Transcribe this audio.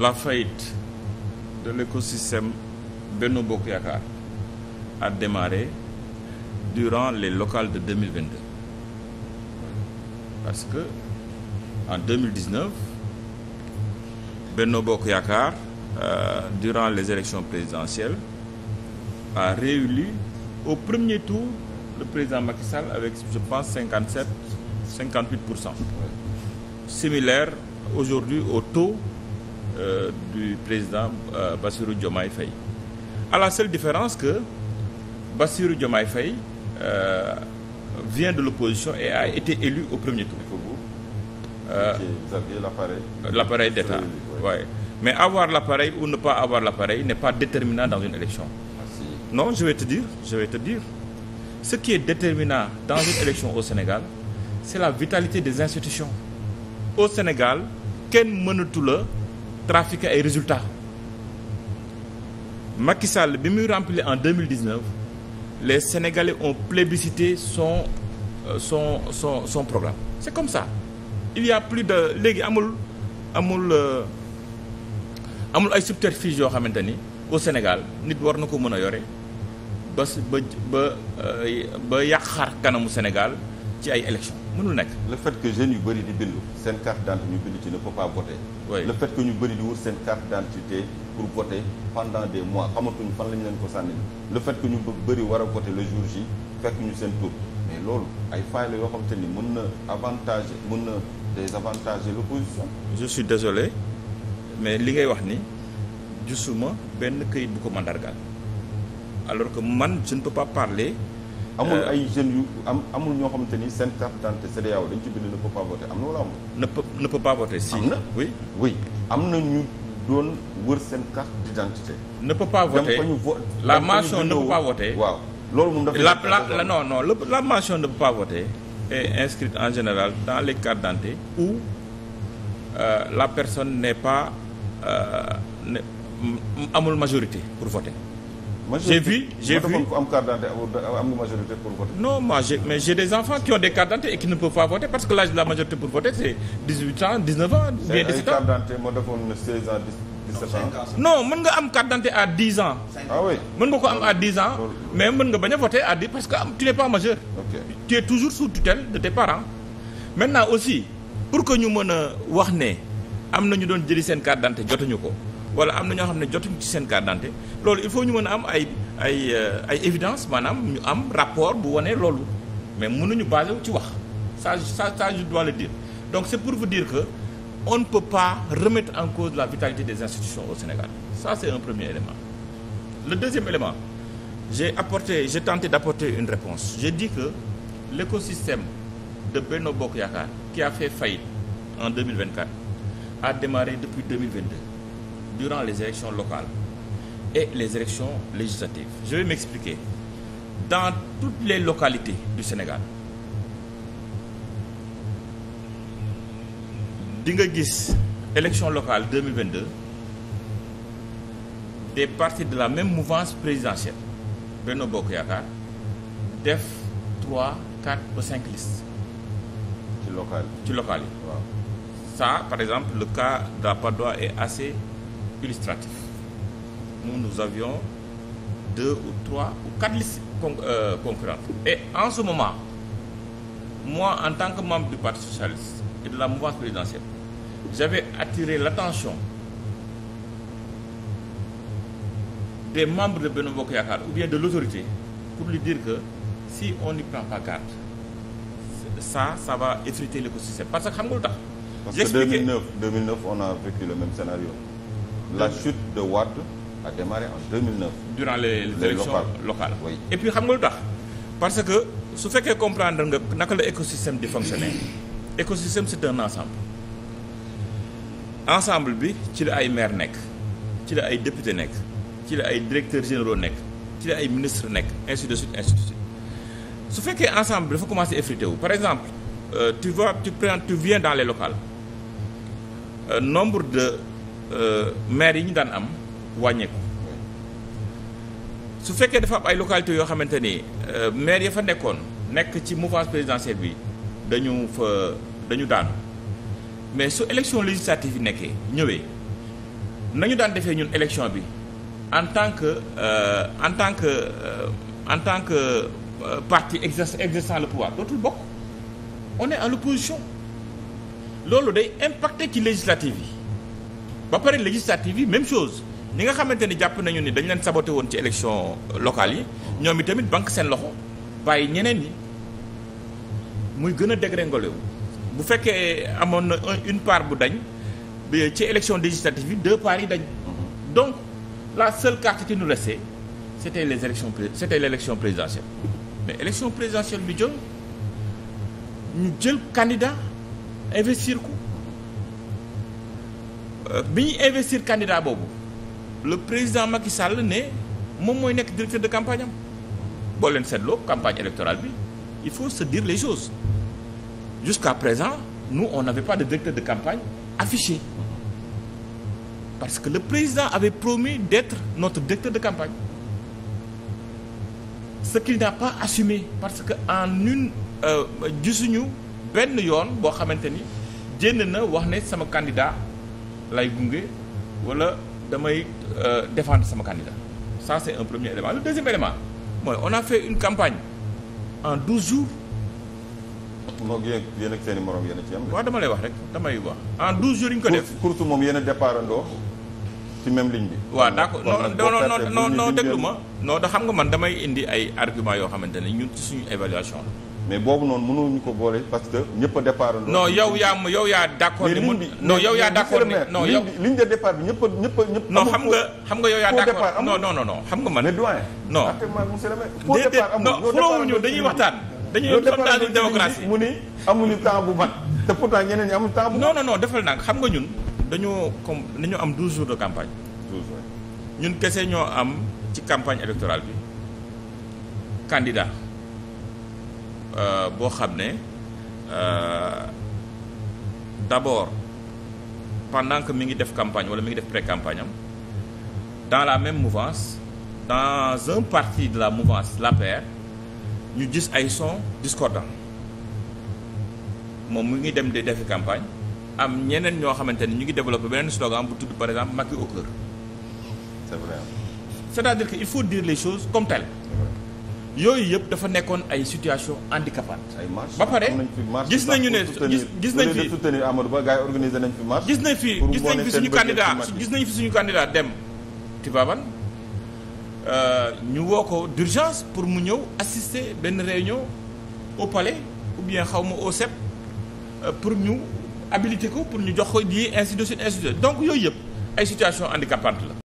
la faillite de l'écosystème Benno Bokk Yaakaar a démarré durant les locales de 2022 parce que en 2019 Benno Bokk Yaakaar euh, durant les élections présidentielles a réélu au premier tour le président Macky Sall avec je pense 57 58 pour cent similaire aujourd'hui au taux du président euh, Bassirou Diomaye Faye à la seule différence que Bassirou Diomaye Faye euh, vient de l'opposition et a été élu au premier tour. Euh, l'appareil d'État ouais mais avoir l'appareil ou ne pas avoir l'appareil n'est pas déterminant dans une élection non je vais te dire ce qui est déterminant dans une élection au Sénégal c'est la vitalité des institutions au Sénégal kenn mënatu la trafiquer ay résultats Macky Sall bi muy remplir en 2019 les Sénégalais ont plébiscité son euh, son son son programme c'est comme ça il ya plus de léegi amul amul euh, amul ay subterfuge yoo xamante ni au Sénégal nit war na ko mën a yore ba ba ba euh, ba yàqar kanamu Sénégal ci ay élections mënul nekk. le fait que jeunes yu bëri di bindu seen carte d'identité ñu bindu ci ne peut pas voter. oui le fait que ñu bëri di wut seen carte d'identité pour voter pendant des mois xamatuñu fan lañu leen ko sànni le fait que ñu bëri war a voter le jour J fekk ñu seen tour mais loolu ay failles la yoo xamante ni mën na avantage mën na des désavantager l'opposition. je suis désolé mais li ngay wax ni gisuma benn këyit bu ko mandargaal alors que man seen ne peux pas parler. amul euh, ay jeunes yu am amul ñoo xamante ni seen carte d'identité CEDEAO dañ ci bind ne peut pas voter am na wala amul. ne peut ne peut pas voter si. am na oui oui am na ñu doon wër seen carte d'identité. ne peut pas voter la mention ne peut pas voter. waaw loolu moom dafa la la non non la mention ne peut pas voter est inscrite en général dans les cartes d'identité où euh, la personne n'est pas euh, amul majorité pour voter. j'ai vu j'ai vu am carte d'identité am majorité pour voter. non moi j'ai mais j'ai des enfants qui ont des cartes d'identité et qui ne peuvent pas voter parce que l'âge de la majorité pour voter c'est 18 ans 19 ans. ou bien 17 ans carte d'identité moo defoon 16 ans 17 ans. non mën nga am carte d'identité à 10 ans. ah oui mën nga ko am à 10 ans. mais mën nga bañ a voter à 10 parce que tu n'es pas majeur. ok tu es toujours sous tutelle de tes parents. maintenant aussi pour que ñu mën a wax ne am na ñu doon jëli seen carte d'identité jotuñu ko. wala am na ñoo xam ne jotuñ ci seen carte loolu il faut ñu mën a am ay ay euh, ay évidence maanaam ñu am rapport bu wane loolu mais mënuñu basé wu ci wax ça ça ça je dois le dire donc c'est pour veut dire que on ne peut pas remettre en cause la vitalité des institutions au Sénégal ça c'est un premier élément le deuxième élément j'ai apporté j'ai tenté d'apporter une réponse j'ai dit que l'écosystème de Benno Bokk Yaakaar qui a fait faillite en 2024 a démarré depuis 2022 durant les élections locales et les élections législatives. Je vais m'expliquer. Dans toutes les localités du Sénégal di nga gis élection locale 2022 des partis de la même mouvance présidentielle Benno Bokk Yaakaar def trois quatre ba cinq listes. ci local ci local yi. waaw ça par exemple le cas de la Patte d'Oie est assez. illustratif. Nous, nous avions deux ou trois ou quatre listes euh, concurrentes. Et en ce moment, moi, en tant que membre du Parti socialiste et de la mouvance présidentielle, j'avais attiré l'attention des membres de Benno Bokk Yaakaar ou bien de l'autorité pour lui dire que si on n'y prend pas garde, ça, ça va effriter l'écosystème. Parce que xam nga lu on a vécu le même scénario. la chute de Wade a démarré en 2009. durant les, les locales. et puis xam nga lu tax parce que su fekkee comprendre nga naka la écosystème di fonctionner écosystème c'est un ensemble ensemble bi ci la ay maire nekk ci la ay député nekk ci la ay directeurs généraux nekk ci la ay ministre nekk ainsi de suite su fekkee ensemble bi dafa commencé effrité wu par exemple euh, tu vois tu prends tu viens dans les locales euh, nombre de Euh, maire yi ñu daan am wàññeeku su fekkee dafa am ay localité yoo xamante ni euh, maire ya fa nekkoon nekk ci mouvance présidentielle bi dañu fa dañu daan mais su élection législative yi nekkee ñëwee nañu daan defee ñun élection bi en tant que euh, en tant que euh, en tant que parti exerçant le pouvoir dootul bokk on est à l'opposition loolu day impacté ci législative yi ba pare législative yi même chose ñi nga xamante ni jàpp nañu ni dañu leen saboté woon ci élection euh, locale yi ñoom itamit banque seen loxo bàyyi ñeneen yi muy gën a dégringolé wu bu fekkee amoon na une part bu dañ ci élection législative yi deux parts yi dañ donc la seule carte qui nous restait c'était les élections c'était l'élection présidentielle mais élection présidentielle bi jël ñu jël candidat investir ko bi ñuy investir candidat boobu le président Macky ne moom mooy nekk directeur de campagne boo leen seetloo campagne électorale bi il faut se dire les choses jusqu'à présent nous on n'avait pas de directeur de campagne affiché parce que le président avait promis d'être notre directeur de campagne ce qu'il n'a pas assumé parce que en une euh, gisuñu benn yoon boo xamante ni jénn na wax ne sama candidat lay gunge wala damay euh, défendre sama candidat ça c'est un premier élément le deuxième élément mooy on a fait une campagne en douze jours. moom yéen ak seen morom yéen a ci am. waaw dama lay wax rek damay wax en douze jours yi ñu ko def. course moom yéen a départ andoo ci même ligne bi. waaw d'accord non noo non déglu ma noo da xam nga man damay indi ay argument yoo xamante ne ñun ci suñu évaluation la. mais boobu noonu mënuñu ko boole parce que ñëpp a départ. non yow yaa ma yow yaa d' accord. mais ligne bi non yow yaa d' accord ni non a a ñëpp. non xam nga xam nga yow yaa d' accord non non non xam nga man. mais doyen. te pourtant ñeneen ñi defal naa xam nga ñun dañoo comme dañoo am 12 jours de campagne. 12 jours ñun kese ñoo am ci campagne électorale bi candidat Euh, boo xam ne euh, d'abord pendant que mi ngi def campagne wala mi ngi def pré-campagne am dans la même mouvance dans un parti de la mouvance l'APR ñu gis ay sons discordants moom mu ngi dem dee defi campagne am ñeneen ñoo xamante ni ñu ngi développé beneen slogan bu tudd par exemple Macky au c'est à dire que il faut dire les choses comme telles. yooyu yëpp dafa nekkoon ay situation handicapante ba pare gis nañu ne gis nañ fi gis nañ fi gis nañ fi suñu candidat gis nañ fi suñu candidat dem Tivaouane euh, ñu woo ko d'urgence pour mu ñëw assister benn réunion au palais ou bien xaw ma au CEP euh, pour ñu abilité ko pour ñu jox ko di ainsi de suite donc yooyu yëpp ay situation handicapante la